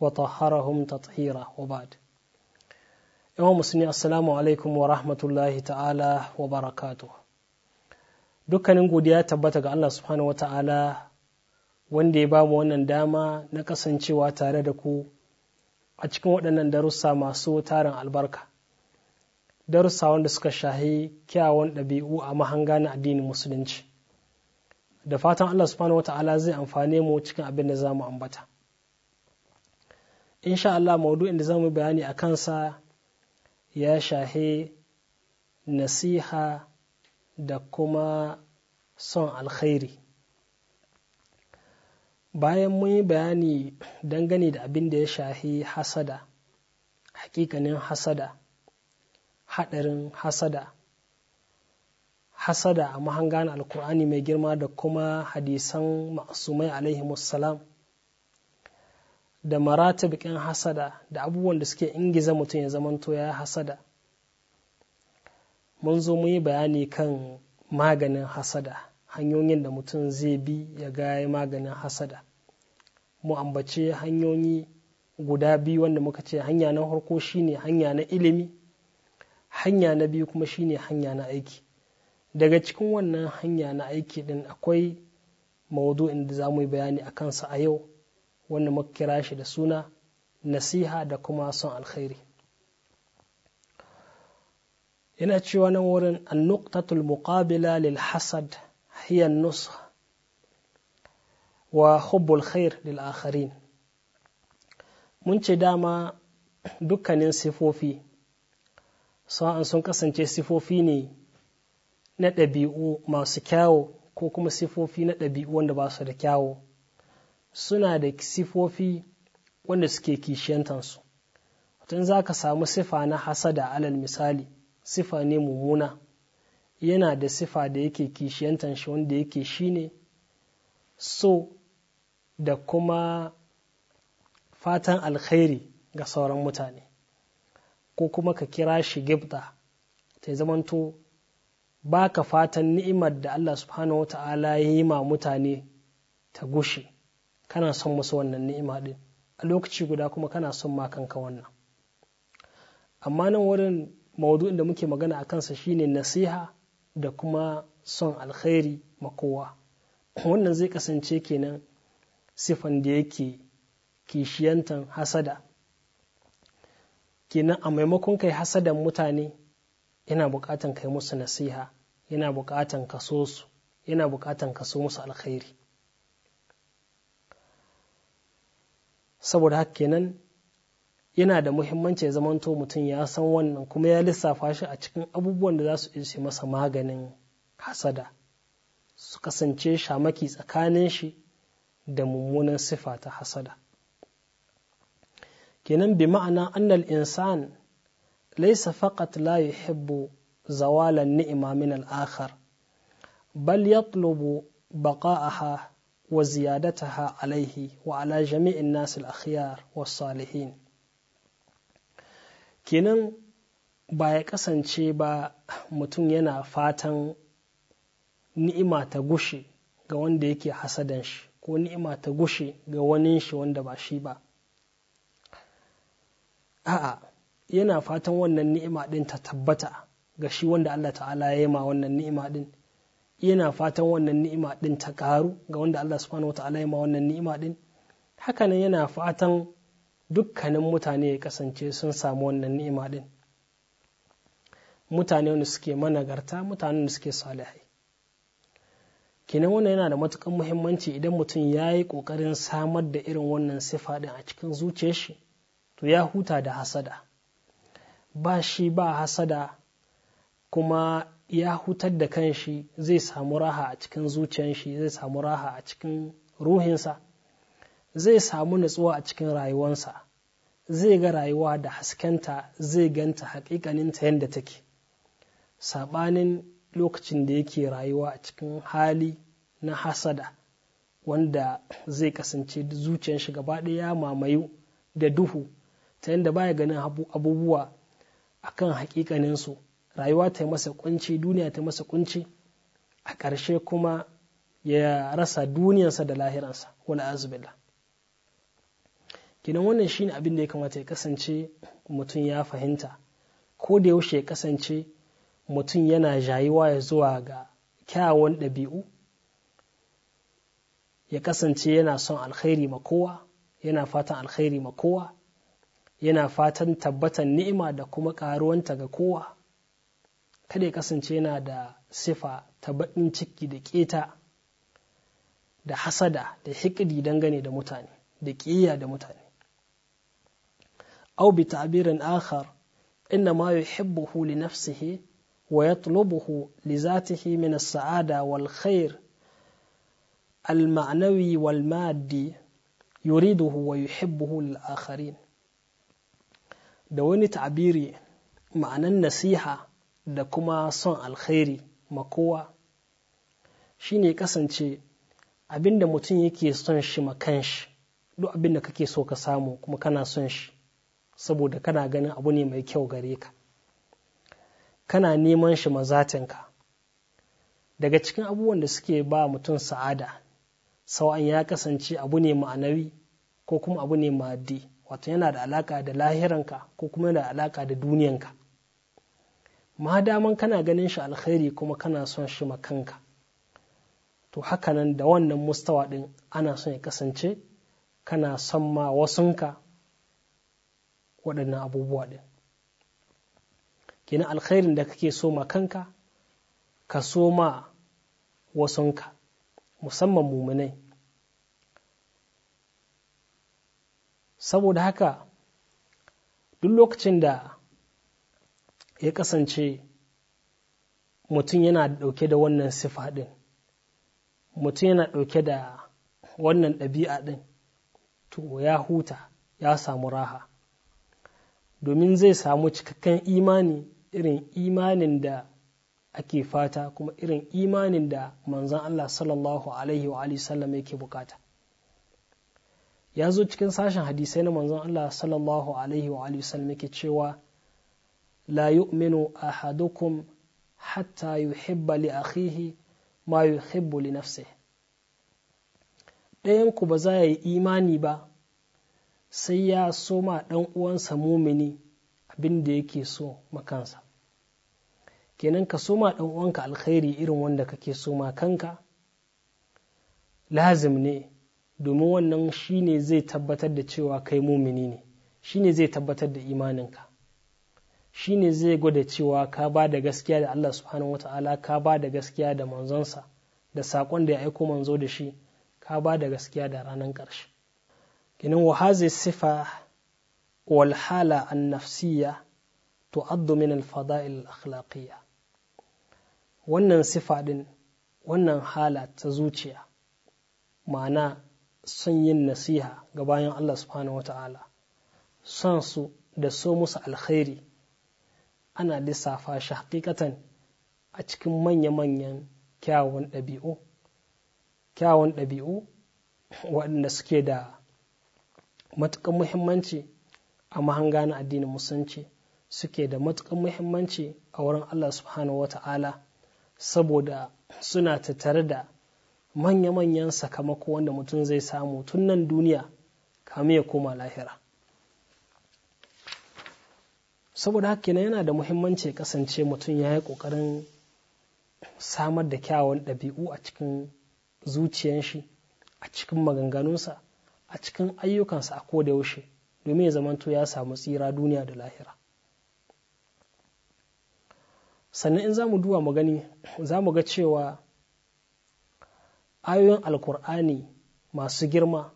wa tahharahum tathira wa ba'd yawan musulmi assalamu alaikum wa rahmatullahi ta'ala wa barakatuh dukkanin godiya tabbata ga Allah subhanahu wa ta'ala wanda ya ba mu wannan dama na kasancewa tare da ku a cikin waɗannan darussa masu tarin albarka darussa wanda suka shahi kyawun ɗabi'u a mahanga na addinin musulunci da fatan Allah subhanahu wa ta'ala zai amfane mu cikin abin da za mu ambata insha Allah maudu'in da zamu bayani a kansa ya shahe nasiha da kuma son alkhairi bayan mun yi bayani dangane da abin da ya shahe hasada hakikanin hasada hadarin hasada hasada a mahangan alkur'ani mai girma da kuma hadisan ma'asumai alaihi musallam da maratabikin hasada da abubuwan da suke ingiza mutum ya zamanto ya hasada mun zo muyi bayani kan maganin hasada hanyoyin da mutum zai bi ya gaya maganin hasada mu ambace hanyoyi guda biyu wanda muka ce hanya na harko shine hanya na ilimi hanya na biyu kuma shine hanya na aiki daga cikin wannan hanya na aiki din akwai maudu'in da za mu yi bayani a kansa a yau wanda muka kira shi da suna nasiha da kuma son alkhairi yana cewa nan wurin annuktatul muqabila lil hasad hiya nusha wa hubbul khair lil akharin mun ce dama dukkanin sifofi sa'an sun kasance sifofi ne na ɗabi'u masu kyawo ko kuma sifofi na ɗabi'u wanda ba su da kyawo suna da sifofi wanda suke kishiyantansu tun za ka samu sifa na hasada alal misali sifa ne mummuna yana da sifa da yake kishiyantan shi wanda yake shi ne. so da kuma fatan alkhairi ga sauran mutane ko kuma ka kira shi gibda ta zamanto ba ka fatan ni'imar da Allah subhanahu wa ta'ala ya yi ma mutane ta gushe kana son musu wannan ni'ima din a lokaci guda kuma kana son ma kanka wannan amma nan wurin maudu'in da muke magana a kansa shine nasiha da kuma son alkhairi ma wannan zai kasance kenan sifan da yake kishiyantan hasada kenan a maimakon kai hasadan mutane yana bukatan kai musu nasiha yana bukatan kaso su yana bukatan ka musu alkhairi saboda haka kenan yana da muhimmanci ya zamanto mutum ya san wannan kuma ya lissafa shi a cikin abubuwan da za su ishe masa maganin hasada su kasance shamaki tsakanin shi da mummunan sifa ta hasada kenan bi ma'ana annal insan laysa faqat la yuhibbu zawalan ni'ima min al-akhar bal yatlubu baqa'aha wa ziyadataha alaihi wa ala jami'in nasil akhyar was salihin kenan ba ya kasance ba mutum yana fatan ni'ima ta gushe ga wanda yake hasadan shi ko ni'ima ta gushe ga wani shi wanda ba shi ba a'a yana fatan wannan ni'ima din ta tabbata ga shi wanda Allah ta'ala ya yi ma wannan ni'ima din yana fatan wannan ni'ima din ta karu ga wanda Allah subhanahu wata'ala ya ma wannan ni'ima din hakanan yana fatan dukkanin mutane ya kasance sun samu wannan ni'ima din mutane wanda suke managarta mutane da suke salihai kenan wannan yana da matukan muhimmanci idan mutum ya yi kokarin samar da irin wannan sifa ɗin a cikin zuciyar shi to ya huta da hasada ba shi ba hasada kuma ya hutar da kanshi zai samu raha a cikin zuciyanshi zai samu raha a cikin ruhinsa zai samu natsuwa a cikin rayuwansa zai ga rayuwa da haskenta zai ganta haƙiƙaninta yadda take saɓanin lokacin da yake rayuwa a cikin hali na hasada wanda zai kasance zuciyar shi gaba ya mamayu da duhu ta yadda baya ganin abubuwa akan haƙiƙaninsu rayuwa ta yi masa kunci duniya ta masa kunci a ƙarshe kuma ya rasa duniyarsa da lahiransa wala azubillah gidan wannan shine abin da ya kamata ya kasance mutum ya fahimta ko da yaushe ya kasance mutum yana jayuwa ya zuwa ga kyawun ɗabi'u ya kasance yana son alkhairi ma kowa yana fatan alkhairi ma kowa yana fatan tabbatan ni'ima da kuma ƙaruwanta ga kowa kada ya kasance yana da sifa ta baƙin ciki da ƙeta da hasada da hikidi dangane da mutane da ƙiyya da mutane au bi ta'birin akhar inna ma yuhibbuhu li nafsihi wa yatlubuhu li zatihi min saada wal khair al-ma'nawi wal maddi yuriduhu wa yuhibbuhu lil akharin da wani ta'biri ma'anan nasiha da kuma son alkhairi makowa shi ne kasance abinda mutum yake son shi ma kan shi, duk abin da kake so ka samu kuma kana son shi saboda kana ganin abu ne mai kyau gare ka kana neman shi ma mazatinka daga cikin abubuwan da suke ba mutum sa'ada sau'an ya kasance abu ne ma'anawi ko kuma abu ne ma'addi wato yana da alaka da lahiranka ko kuma yana da alaka da duniyanka ma daman kana ganin shi alkhairi kuma kana son shi ma kanka to hakanan da wannan mustawa ɗin ana son ya kasance kana son ma wasunka waɗannan abubuwa ɗin kenan alkhairin da kake so ma kanka ka so ma wasunka musamman muminai saboda haka duk lokacin da ya kasance mutum yana ɗauke da wannan sifa ɗin mutum yana ɗauke da wannan ɗabi'a ɗin to ya huta ya samu raha domin zai samu cikakken imani irin imanin da ake fata kuma irin imanin da manzan Allah sallallahu alaihi wa sallam yake bukata ya zo cikin sashen hadisai na manzan Allah sallallahu alaihi wa sallam yake cewa la yu'minu ahadukum hatta yuhibba li akhihi ma yuhibbu li nafsihi dayan ku ba za yi imani ba sai ya soma ɗan uwansa mumini abin da yake so makansa kenan ka soma ɗan uwanka alkhairi irin wanda kake so ma kanka lazim ne domin wannan shine zai tabbatar da cewa kai mumini ne shine zai tabbatar da imaninka ne zai gwada cewa ka ba da gaskiya da Allah subhanahu wata'ala ka ba da gaskiya da manzonsa da saƙon da ya aiko manzo da shi ka ba da gaskiya da ranar ƙarshe Ginin wa sifa wal hala an nafsiyya addu min al fada'il wannan sifa din wannan hala ta zuciya ma'ana son yin nasiha ga bayan Allah subhanahu wata'ala son su da so musu alkhairi ana lissafa shi hakikatan a cikin manya-manyan kyawun ɗabi'u kyawun ɗabi'u waɗanda suke da matuƙan muhimmanci a mahanga na addinin musulunci suke da matuƙar muhimmanci a wurin Allah subhanahu wata'ala saboda suna tattare da manya-manyan sakamako wanda mutum zai samu tun nan duniya kamar ya koma lahira saboda haka kenan yana da muhimmanci ya kasance mutum ya yi ƙoƙarin samar da kyawun ɗabi'u a cikin zuciyan shi a cikin maganganunsa a cikin ayyukansa a da yaushe domin ya zamanto ya samu tsira duniya da lahira sannan in za mu duba mu gani za mu ga cewa ayoyin alkur'ani masu girma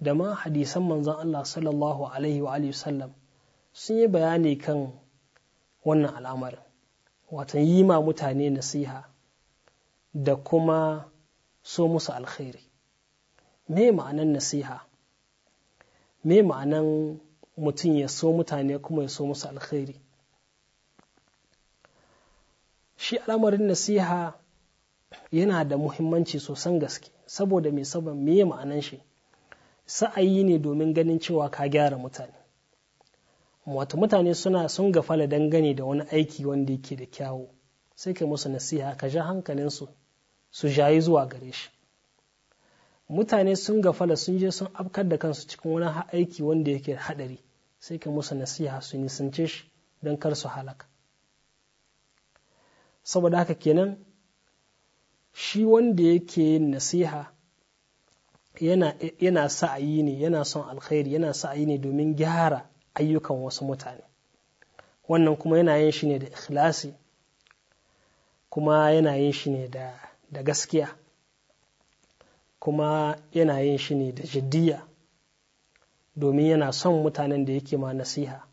da ma hadisan manzan Allah sallallahu alaihi wa sallam sun yi bayani kan wannan al'amarin watan yi ma mutane nasiha da kuma so musu alkhairi me ma'anan nasiha me ma'anan mutum ya so mutane kuma ya so musu alkhairi shi al'amarin nasiha yana da muhimmanci sosan gaske saboda mai saban me ma'anan shi sa'ayi ne domin ganin cewa ka gyara mutane wato mutane suna sun gafala dangane da wani aiki wanda yake da kyawu sai kai musu nasiha ka ja hankalinsu su jayi zuwa gare shi mutane sun gafala sun je sun afkar da kansu cikin wani aiki wanda yake hadari sai kai musu nasiha su nisance shi don kar su halaka saboda haka kenan shi wanda yake yin nasiha yana, sa'ayi ne yana son alkhairi yana sa'ayi ne domin gyara ayyukan wasu mutane wannan kuma yana yin shi ne da ikhlasi kuma yana yin shi ne da gaskiya kuma yana yin shi ne da jiddiya domin yana son mutanen da yake ma nasiha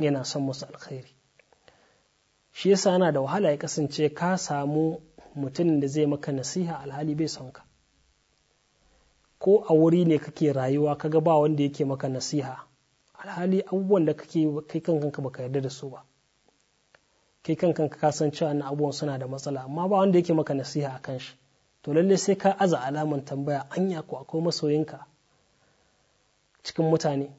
yana son musu alkhairi shi yasa yana da wahala ya kasance ka samu mutumin da zai maka nasiha alhali bai son ka ko a wuri ne kake rayuwa kaga ba wanda yake maka nasiha alhali abubuwan da kake kai kan kanka baka yarda da su ba kai kan kanka ka san cewa na abubuwan suna da matsala amma ba wanda yake maka nasiha a kan shi to lalle sai ka aza alaman tambaya anya ko akwai masoyinka cikin mutane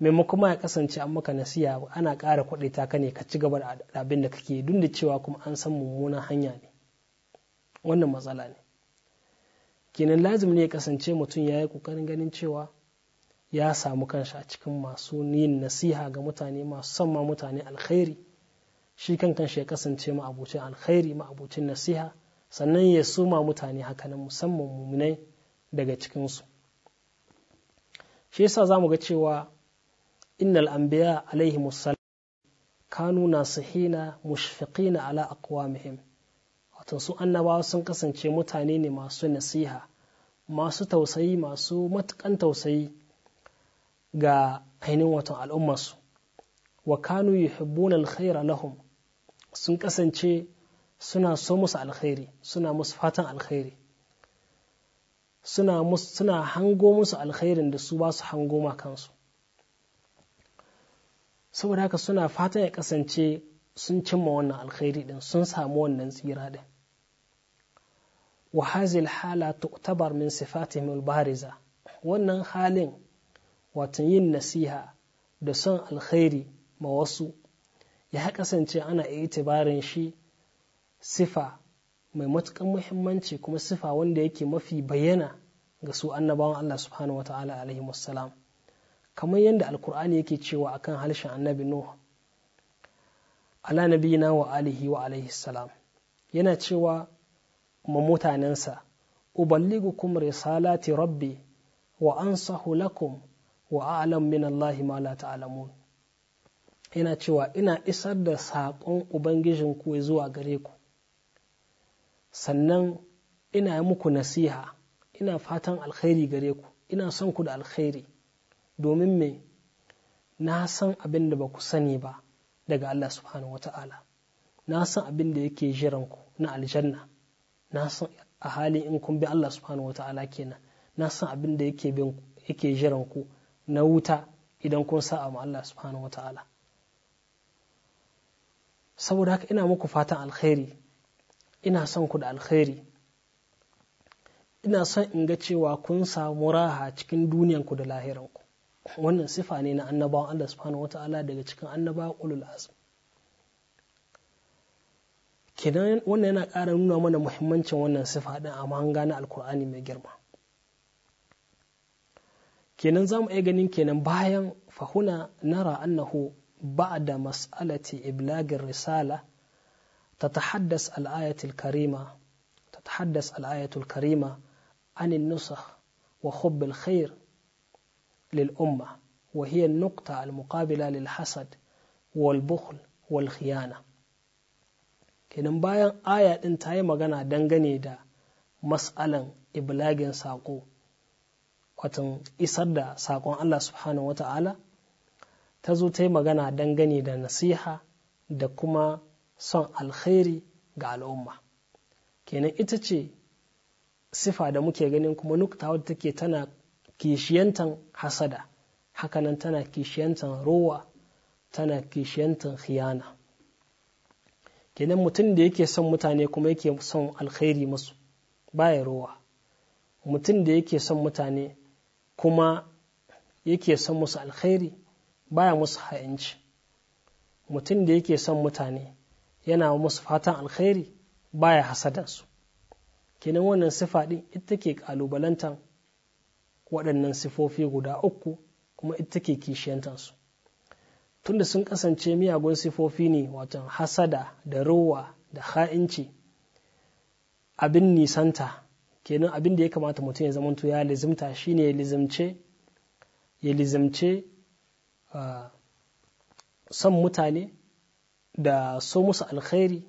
maimakon ya kasance an maka nasiha ana ƙara kwaɗaita ka ne ka ci gaba da abin da kake duk da cewa kuma an san mummunan hanya ne wannan matsala ne kenan lazim ne ya kasance mutum ya yi ƙoƙarin ganin cewa ya samu kanshi a cikin masu yin nasiha ga mutane masu son ma mutane alkhairi shi kan kanshi ya kasance ma'abucin alkhairi ma'abucin nasiha sannan ya suma mutane haka hakanan musamman muminai daga cikinsu shi yasa za mu ga cewa innal anbiya alaihi musallam kanu nasihina mushfiqina ala aqwamihim wato su annabawa sun kasance mutane ne masu nasiha masu tausayi masu matukan tausayi ga ainihin watan al'ummarsu wa kanu yuhibbuna alkhaira lahum sun kasance suna so musu alkhairi suna musu fatan alkhairi suna hango musu alkhairin da su ba su hango ma kansu saboda haka suna fatan ya kasance sun cimma wannan alkhairi din sun samu wannan tsira din wa hazil hala tu'tabar min sifatihim al wannan halin watan yin nasiha da son alkhairi ma wasu ya kasance ana itibarin shi sifa mai matukan muhimmanci kuma sifa wanda yake mafi bayyana ga su annabawan Allah subhanahu wata'ala alaihi wassalam kamar yadda alkur'ani yake cewa akan harshen annabi Nuh ala nabiyina wa alihi wa alaihi salam yana cewa ma mutanensa uballighukum risalati rabbi wa ansahu lakum wa alam min Allahi ma la ta'lamun yana cewa ina isar da saƙon ubangijin ku zuwa gare ku sannan ina yi muku nasiha ina fatan alkhairi gare ku ina son ku da alkhairi domin me na san abin da ba ku sani ba daga Allah subhanahu wata'ala na san abin da yake jiran ku na aljanna na san a halin in kun bi Allah subhanahu wata'ala kenan na san abin da yake jiran ku na wuta idan kun sa'a ma Allah subhanahu wa ta'ala saboda haka ina muku fatan alkhairi ina son ku da alkhairi ina son in ga cewa kun samu raha cikin duniyanku da lahiranku wannan sifa ne na annabawan Allah subhanahu ta’ala daga cikin annaba ulul azm kenan wannan yana ƙara nuna mana muhimmancin wannan sifa ɗin a mahanga na alkur'ani mai girma kenan za mu iya ganin kenan bayan fahuna nara annahu ba da mas'alati iblagin risala ta tahaddas al'ayatul karima ta tahaddas al'ayatul karima anin nusa wa hubbil khair lil umma wa nukta al mukabila lil hasad wal bukhl wal kenan bayan aya din ta magana dangane da mas'alan iblagin saƙo kwatan isar da saƙon Allah subhanahu wa ta'ala ta zo ta yi magana dangane da nasiha da kuma son alkhairi ga al'umma kenan ita ce sifa da muke ganin kuma nukta wadda take tana kishiyantan hasada hakanan tana kishiyantan rowa tana kishiyantan khiyana kenan mutum da yake son mutane kuma yake son alkhairi masu baya rowa mutum da yake son mutane kuma yake son musu alkhairi baya musu ha'inci mutum da yake son mutane yana musu fatan alkhairi baya hasadansu kenan wannan sifa ɗin ita ke ƙalubalantan waɗannan sifofi guda uku kuma ita ke kishiyantansu tunda sun kasance miyagun sifofi ne watan hasada da rowa da ha'inci abin nisanta kenan abin da ya kamata mutum ya zamanto ya lizimta shine ya lizimce ya lizimce son mutane da so musu alkhairi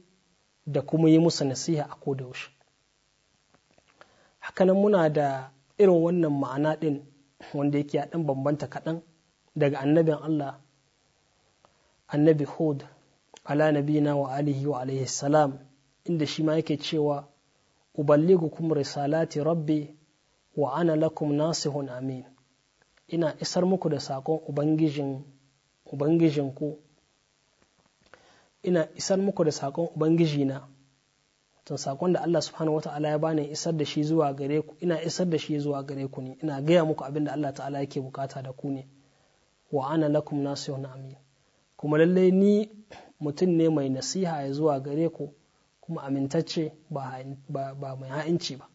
da kuma yi musu nasiha a ko kodayaushe hakanan muna da irin wannan ma'ana din wanda yake a ɗan bambanta kaɗan daga annabin Allah annabi Hud ala nabina wa alihi wa alaihi salam inda shi ma yake cewa uballighukum risalati rabbi wa ana lakum nasihun amin ina isar muku da saƙon ubangijin ubangijinku ina isar muku da saƙon ubangijina tun saƙon da Allah subhanahu wa ta'ala ya bani isar da shi zuwa gare ku ina isar da shi zuwa gare ku ne ina gaya muku abin da Allah ta'ala yake bukata da ku ne wa ana lakum nasihun amin kuma lallai ni mutum ne mai nasiha ya zuwa gare ku kuma amintacce ba mai ha'inci ba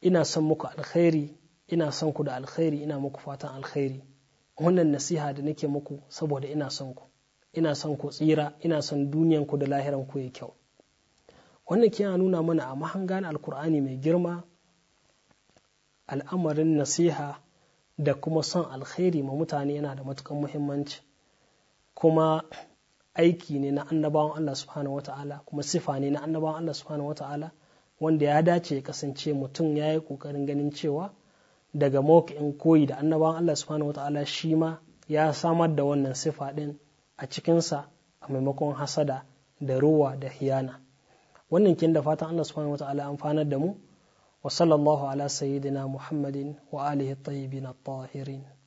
ina son muku alkhairi ina son ku da alkhairi ina muku fatan alkhairi wannan nasiha da nake muku saboda ina son ku ina son ku tsira ina son duniyan ku da lahiran ku ya kyau wannan ke nuna mana a mahangan alkur'ani mai girma al'amarin nasiha da kuma son alkhairi ma mutane yana da matukan muhimmanci kuma aiki ne na annabawan Allah subhanahu wata'ala kuma sifa ne na annabawan Allah subhanahu wata'ala wanda ya dace ya kasance mutum ya yi ƙoƙarin ganin cewa daga mawaƙin koyi da annabawan Allah subhanahu wata'ala shi ma ya samar da wannan sifa ɗin a cikinsa a maimakon hasada da ruwa da hiyana wannan kin da fatan Allah subhanahu wata'ala amfanar da mu wa sallallahu ala sayyidina muhammadin wa alihi tayyibin at-tahirin